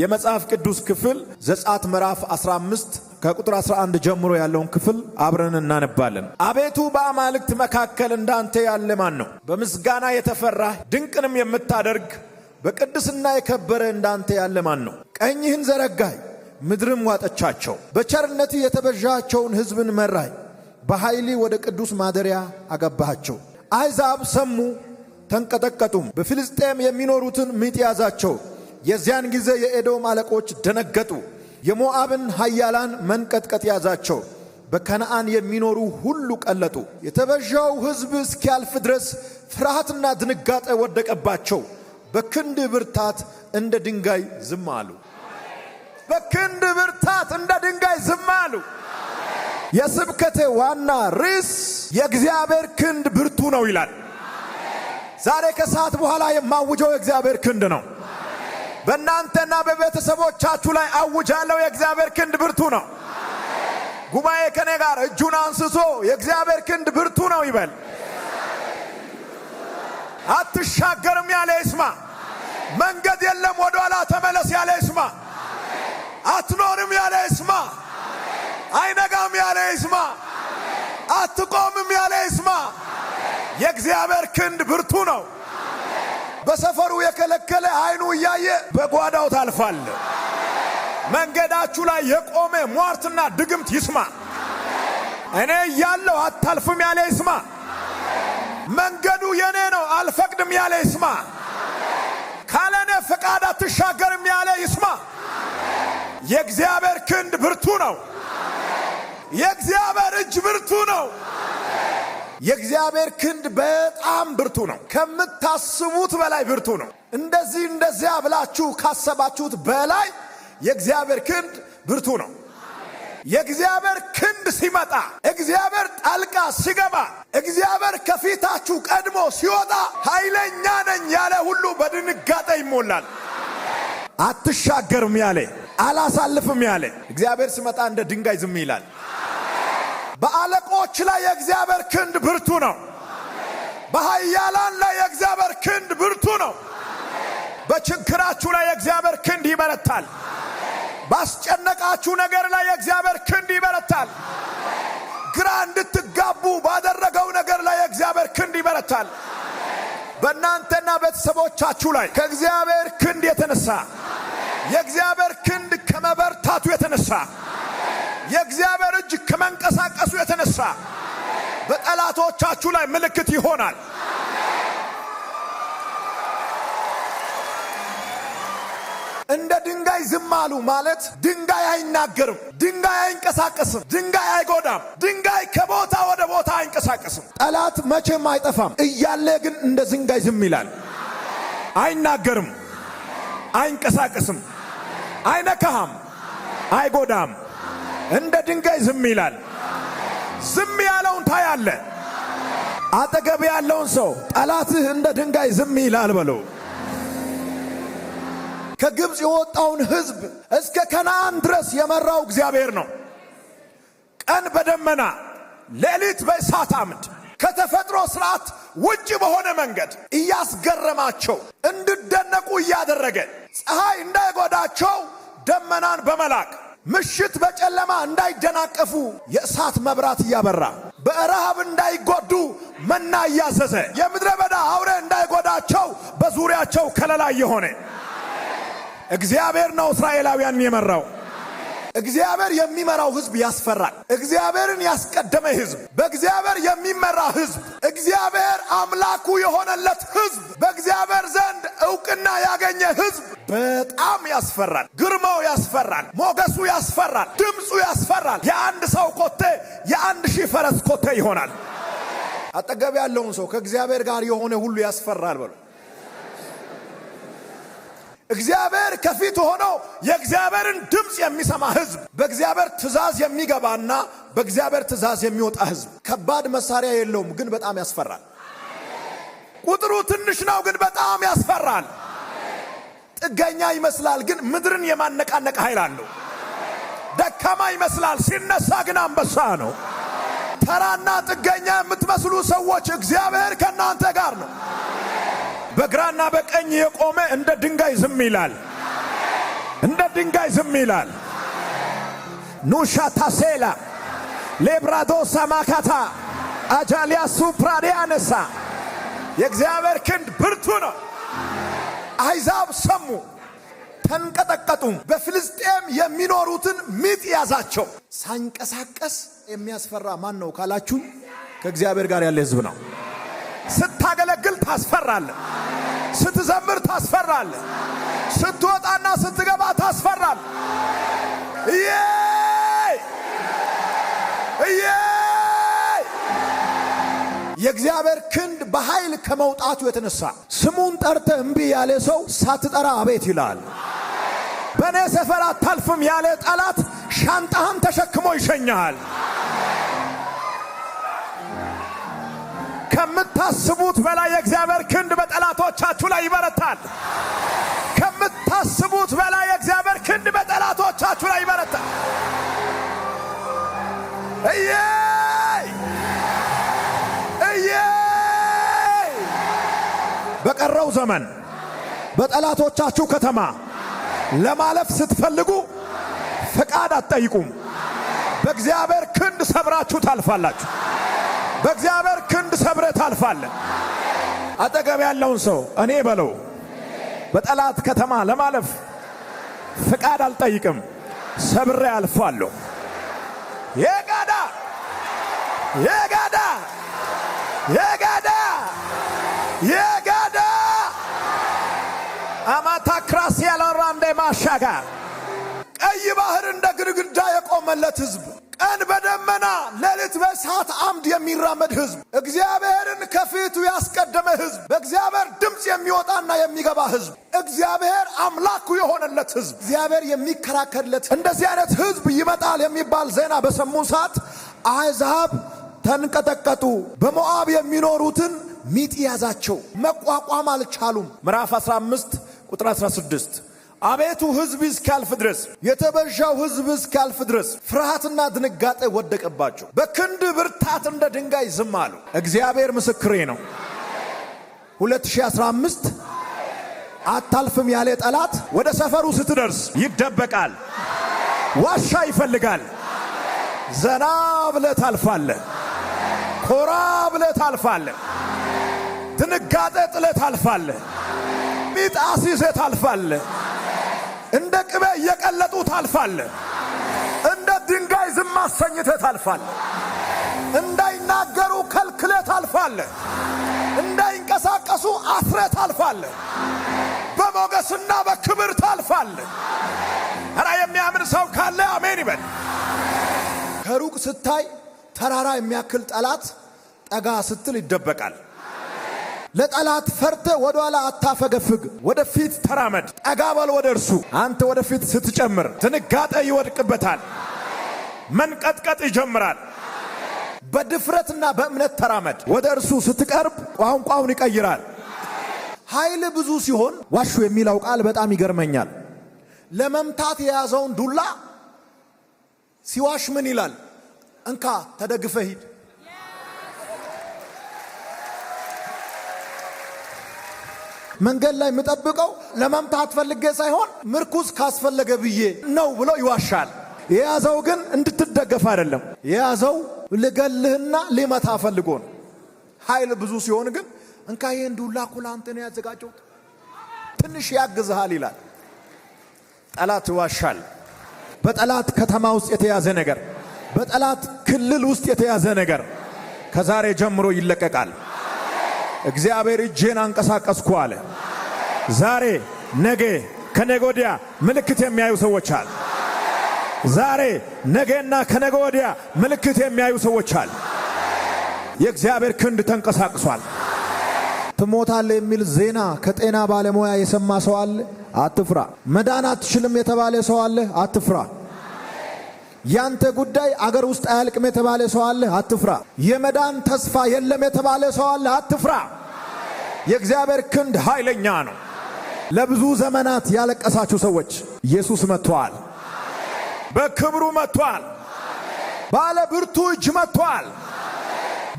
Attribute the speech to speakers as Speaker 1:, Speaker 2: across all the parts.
Speaker 1: የመጽሐፍ ቅዱስ ክፍል ዘጻት ምዕራፍ 15 ከቁጥር 11 ጀምሮ ያለውን ክፍል አብረን እናነባለን። አቤቱ በአማልክት መካከል እንዳንተ ያለ ማን ነው? በምስጋና የተፈራ ድንቅንም የምታደርግ በቅድስና የከበረ እንዳንተ ያለ ማን ነው? ቀኝህን ዘረጋይ ምድርም ዋጠቻቸው። በቸርነት የተበዣቸውን ሕዝብን መራይ በኃይሊ ወደ ቅዱስ ማደሪያ አገባሃቸው። አሕዛብ ሰሙ ተንቀጠቀጡም። በፊልስጤም የሚኖሩትን ምጥ ያዛቸው። የዚያን ጊዜ የኤዶም አለቆች ደነገጡ። የሞዓብን ኃያላን መንቀጥቀጥ ያዛቸው። በከነአን የሚኖሩ ሁሉ ቀለጡ። የተበዣው ሕዝብ እስኪያልፍ ድረስ ፍርሃትና ድንጋጤ ወደቀባቸው። በክንድ ብርታት እንደ ድንጋይ ዝም አሉ። በክንድ ብርታት እንደ ድንጋይ ዝም አሉ። የስብከቴ ዋና ርዕስ የእግዚአብሔር ክንድ ብርቱ ነው ይላል። ዛሬ ከሰዓት በኋላ የማውጀው የእግዚአብሔር ክንድ ነው። በእናንተና በቤተሰቦቻችሁ ላይ አውጃለሁ። የእግዚአብሔር ክንድ ብርቱ ነው። ጉባኤ ከኔ ጋር እጁን አንስቶ የእግዚአብሔር ክንድ ብርቱ ነው ይበል። አትሻገርም ያለ ይስማ። መንገድ የለም ወደኋላ ተመለስ ያለ ይስማ። አትኖርም ያለ ይስማ። አይነጋም ያለ ይስማ። አትቆምም ያለ ይስማ። የእግዚአብሔር ክንድ ብርቱ ነው። በሰፈሩ የከለከለ እያየ በጓዳው ታልፋለ። መንገዳችሁ ላይ የቆመ ሟርትና ድግምት ይስማ። እኔ እያለሁ አታልፍም ያለ ይስማ። መንገዱ የኔ ነው አልፈቅድም ያለ ይስማ። ካለ እኔ ፈቃድ አትሻገርም ያለ ይስማ። የእግዚአብሔር ክንድ ብርቱ ነው። የእግዚአብሔር እጅ ብርቱ ነው። የእግዚአብሔር ክንድ በጣም ብርቱ ነው። ከምታስቡት በላይ ብርቱ ነው። እንደዚህ እንደዚያ ብላችሁ ካሰባችሁት በላይ የእግዚአብሔር ክንድ ብርቱ ነው። የእግዚአብሔር ክንድ ሲመጣ፣ እግዚአብሔር ጣልቃ ሲገባ፣ እግዚአብሔር ከፊታችሁ ቀድሞ ሲወጣ ኃይለኛ ነኝ ያለ ሁሉ በድንጋጤ ይሞላል። አትሻገርም ያለ አላሳልፍም ያለ እግዚአብሔር ሲመጣ እንደ ድንጋይ ዝም ይላል። በአለቆች ላይ የእግዚአብሔር ክንድ ብርቱ ነው። በኃያላን ላይ የእግዚአብሔር ክንድ ብርቱ ነው። በችግራችሁ ላይ የእግዚአብሔር ክንድ ይበረታል። ባስጨነቃችሁ ነገር ላይ የእግዚአብሔር ክንድ ይበረታል። ግራ እንድትጋቡ ባደረገው ነገር ላይ የእግዚአብሔር ክንድ ይበረታል። በእናንተና ቤተሰቦቻችሁ ላይ ከእግዚአብሔር ክንድ የተነሳ የእግዚአብሔር ክንድ ከመበርታቱ የተነሳ የእግዚአብሔር እጅ ከመንቀሳቀሱ የተነሳ በጠላቶቻችሁ ላይ ምልክት ይሆናል። እንደ ድንጋይ ዝም አሉ ማለት ድንጋይ አይናገርም፣ ድንጋይ አይንቀሳቀስም፣ ድንጋይ አይጎዳም፣ ድንጋይ ከቦታ ወደ ቦታ አይንቀሳቀስም። ጠላት መቼም አይጠፋም እያለ ግን እንደ ድንጋይ ዝም ይላል። አይናገርም፣ አይንቀሳቀስም፣ አይነካህም፣ አይጎዳም። እንደ ድንጋይ ዝም ይላል። ዝም ያለውን ታያለ። አጠገብ ያለውን ሰው ጠላትህ እንደ ድንጋይ ዝም ይላል በለው። ከግብፅ የወጣውን ሕዝብ እስከ ከነአን ድረስ የመራው እግዚአብሔር ነው። ቀን በደመና ሌሊት በእሳት አምድ ከተፈጥሮ ስርዓት ውጭ በሆነ መንገድ እያስገረማቸው እንዲደነቁ እያደረገ ፀሐይ እንዳይጎዳቸው ደመናን በመላክ ምሽት በጨለማ እንዳይደናቀፉ የእሳት መብራት እያበራ በረሃብ እንዳይጎዱ መና እያዘዘ የምድረ በዳ አውሬ እንዳይጎዳቸው በዙሪያቸው ከለላ እየሆነ እግዚአብሔር ነው እስራኤላውያንን የመራው። እግዚአብሔር የሚመራው ህዝብ ያስፈራል። እግዚአብሔርን ያስቀደመ ህዝብ፣ በእግዚአብሔር የሚመራ ህዝብ፣ እግዚአብሔር አምላኩ የሆነለት ህዝብ፣ በእግዚአብሔር ዘንድ እውቅና ያገኘ ህዝብ በጣም ያስፈራል። ግርማው ያስፈራል። ሞገሱ ያስፈራል። ድምፁ ያስፈራል። የአንድ ሰው ኮቴ የአንድ ሺህ ፈረስ ኮቴ ይሆናል። አጠገብ ያለውን ሰው ከእግዚአብሔር ጋር የሆነ ሁሉ ያስፈራል በሉ። እግዚአብሔር ከፊት ሆኖ የእግዚአብሔርን ድምፅ የሚሰማ ህዝብ፣ በእግዚአብሔር ትእዛዝ የሚገባና በእግዚአብሔር ትእዛዝ የሚወጣ ህዝብ። ከባድ መሳሪያ የለውም፣ ግን በጣም ያስፈራል። ቁጥሩ ትንሽ ነው፣ ግን በጣም ያስፈራል። ጥገኛ ይመስላል፣ ግን ምድርን የማነቃነቅ ኃይል አለው። ደካማ ይመስላል፣ ሲነሳ ግን አንበሳ ነው። ተራና ጥገኛ የምትመስሉ ሰዎች እግዚአብሔር ከእናንተ ጋር ነው። በግራና በቀኝ የቆመ እንደ ድንጋይ ዝም ይላል። እንደ ድንጋይ ዝም ይላል። ኑሻ ታሴላ ሌብራዶሳ ማካታ አጃሊያ ሱፕራዲያነሳ የእግዚአብሔር ክንድ ብርቱ ነው። አሕዛብ ሰሙ፣ ተንቀጠቀጡ። በፍልስጤም የሚኖሩትን ምጥ ያዛቸው። ሳንቀሳቀስ የሚያስፈራ ማን ነው ካላችሁ ከእግዚአብሔር ጋር ያለ ሕዝብ ነው። ስታገለግል ታስፈራለን። ስትዘምር ታስፈራል። ስትወጣና ስትገባ ታስፈራል። የእግዚአብሔር ክንድ በኃይል ከመውጣቱ የተነሳ ስሙን ጠርተ እምቢ ያለ ሰው ሳትጠራ አቤት ይላል። በእኔ ሰፈር አታልፍም ያለ ጠላት ሻንጣህን ተሸክሞ ይሸኛሃል። ከምታስቡት በላይ የእግዚአብሔር ክንድ በጠላቶቻችሁ ላይ ይበረታል። ከምታስቡት በላይ የእግዚአብሔር ክንድ በጠላቶቻችሁ ላይ ይበረታል። እየይ እየይ በቀረው ዘመን በጠላቶቻችሁ ከተማ ለማለፍ ስትፈልጉ ፈቃድ አትጠይቁም። በእግዚአብሔር ክንድ ሰብራችሁ ታልፋላችሁ። በእግዚአብሔር ክንድ ሰብረ ታልፋለን። አጠገብ ያለውን ሰው እኔ በለው በጠላት ከተማ ለማለፍ ፍቃድ አልጠይቅም፣ ሰብሬ አልፋለሁ። የጋዳ የጋዳ የጋዳ የጋዳ አማታ ክራስ ያለራ እንደ ማሻጋ ቀይ ባህር እንደ ግድግዳ የቆመለት ህዝብ ቀን በደመና ሌሊት በእሳት አምድ የሚራመድ ህዝብ፣ እግዚአብሔርን ከፊቱ ያስቀደመ ህዝብ፣ በእግዚአብሔር ድምፅ የሚወጣና የሚገባ ህዝብ፣ እግዚአብሔር አምላኩ የሆነለት ህዝብ፣ እግዚአብሔር የሚከራከርለት እንደዚህ አይነት ህዝብ ይመጣል የሚባል ዜና በሰሙ ሰዓት አሕዛብ ተንቀጠቀጡ። በሞዓብ የሚኖሩትን ሚጥ ያዛቸው፣ መቋቋም አልቻሉም። ምዕራፍ 15 ቁጥር 16 አቤቱ ሕዝብ እስካልፍ ድረስ የተበዣው ሕዝብ እስካልፍ ድረስ ፍርሃትና ድንጋጤ ወደቀባቸው። በክንድ ብርታት እንደ ድንጋይ ዝም አሉ። እግዚአብሔር ምስክሬ ነው። 2015 አታልፍም ያለ ጠላት ወደ ሰፈሩ ስትደርስ ይደበቃል። ዋሻ ይፈልጋል። ዘና ብለ ታልፋለ። ኮራ ብለ ታልፋለ። ድንጋጤ ጥለ ታልፋለ። ሚጣስ ሲዜ ታልፋለ። እንደ ቅቤ እየቀለጡ ታልፋለ። እንደ ድንጋይ ዝም አሰኝተ ታልፋለ። እንዳይናገሩ ከልክሌ ታልፋለ። እንዳይንቀሳቀሱ አስሬ ታልፋለ። በሞገስና በክብር ታልፋለ። ኧረ የሚያምን ሰው ካለ አሜን ይበል። ከሩቅ ስታይ ተራራ የሚያክል ጠላት ጠጋ ስትል ይደበቃል። ለጠላት ፈርተ ኋላ አታፈገፍግ፣ ወደፊት ተራመድ። ጠጋ ወደ እርሱ። አንተ ወደፊት ስትጨምር ትንጋጠ ይወድቅበታል፣ መንቀጥቀጥ ይጀምራል። በድፍረትና በእምነት ተራመድ። ወደ እርሱ ስትቀርብ ቋንቋውን ይቀይራል። ኃይል ብዙ ሲሆን ዋሹ የሚለው ቃል በጣም ይገርመኛል። ለመምታት የያዘውን ዱላ ሲዋሽ ምን ይላል? እንካ ተደግፈ ሂድ መንገድ ላይ የምጠብቀው ለመምታት ፈልጌ ሳይሆን ምርኩዝ ካስፈለገ ብዬ ነው ብሎ ይዋሻል። የያዘው ግን እንድትደገፍ አይደለም። የያዘው ልገልህና ሊመታ ፈልጎ ነው። ኃይል ብዙ ሲሆን ግን እንካ ይህን ዱላ እኮ ለአንተ ነው ያዘጋጀሁት፣ ትንሽ ያግዝሃል ይላል። ጠላት ይዋሻል። በጠላት ከተማ ውስጥ የተያዘ ነገር፣ በጠላት ክልል ውስጥ የተያዘ ነገር ከዛሬ ጀምሮ ይለቀቃል። እግዚአብሔር እጄን አንቀሳቀስኩ አለ። ዛሬ፣ ነገ፣ ከነገ ወዲያ ምልክት የሚያዩ ሰዎች አሉ። ዛሬ፣ ነገና ከነገ ወዲያ ምልክት የሚያዩ ሰዎች አሉ። የእግዚአብሔር ክንድ ተንቀሳቅሷል። ትሞታለ የሚል ዜና ከጤና ባለሙያ የሰማ ሰው አለ። አትፍራ። መዳን አትችልም የተባለ ሰው አለ። አትፍራ። ያንተ ጉዳይ አገር ውስጥ አያልቅም የተባለ ሰው አለ፣ አትፍራ። የመዳን ተስፋ የለም የተባለ ሰው አለ፣ አትፍራ። የእግዚአብሔር ክንድ ኃይለኛ ነው። ለብዙ ዘመናት ያለቀሳችሁ ሰዎች ኢየሱስ መጥቷል። በክብሩ መጥቷል። ባለ ብርቱ እጅ መጥቷል።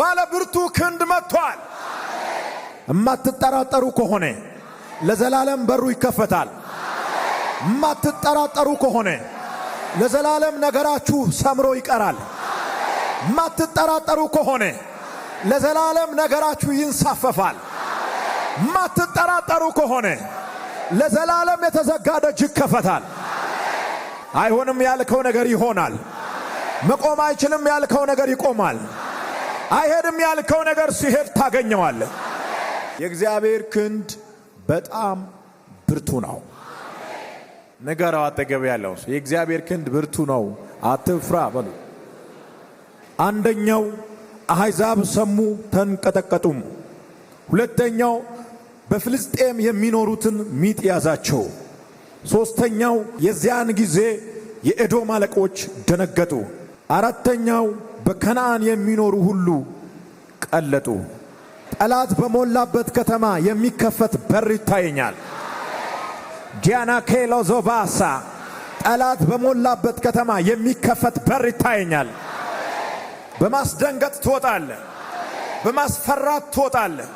Speaker 1: ባለ ብርቱ ክንድ መጥቷል። እማትጠራጠሩ ከሆነ ለዘላለም በሩ ይከፈታል። እማትጠራጠሩ ከሆነ ለዘላለም ነገራችሁ ሰምሮ ይቀራል። ማትጠራጠሩ ከሆነ ለዘላለም ነገራችሁ ይንሳፈፋል። ማትጠራጠሩ ከሆነ ለዘላለም የተዘጋ ደጅ ይከፈታል። አይሆንም ያልከው ነገር ይሆናል። መቆም አይችልም ያልከው ነገር ይቆማል። አይሄድም ያልከው ነገር ሲሄድ ታገኘዋለህ። የእግዚአብሔር ክንድ በጣም ብርቱ ነው። ንገረው አጠገብ ያለው የእግዚአብሔር ክንድ ብርቱ ነው፣ አትፍራ በሉ። አንደኛው አሕዛብ ሰሙ ተንቀጠቀጡም። ሁለተኛው በፍልስጤም የሚኖሩትን ሚጥ ያዛቸው። ሦስተኛው የዚያን ጊዜ የኤዶም አለቆች ደነገጡ። አራተኛው በከነአን የሚኖሩ ሁሉ ቀለጡ። ጠላት በሞላበት ከተማ የሚከፈት በር ይታየኛል። ዲያና ኬሎዞባሳ ጠላት በሞላበት ከተማ የሚከፈት በር ይታየኛል። በማስደንገጥ ትወጣለህ። በማስፈራት ትወጣለህ።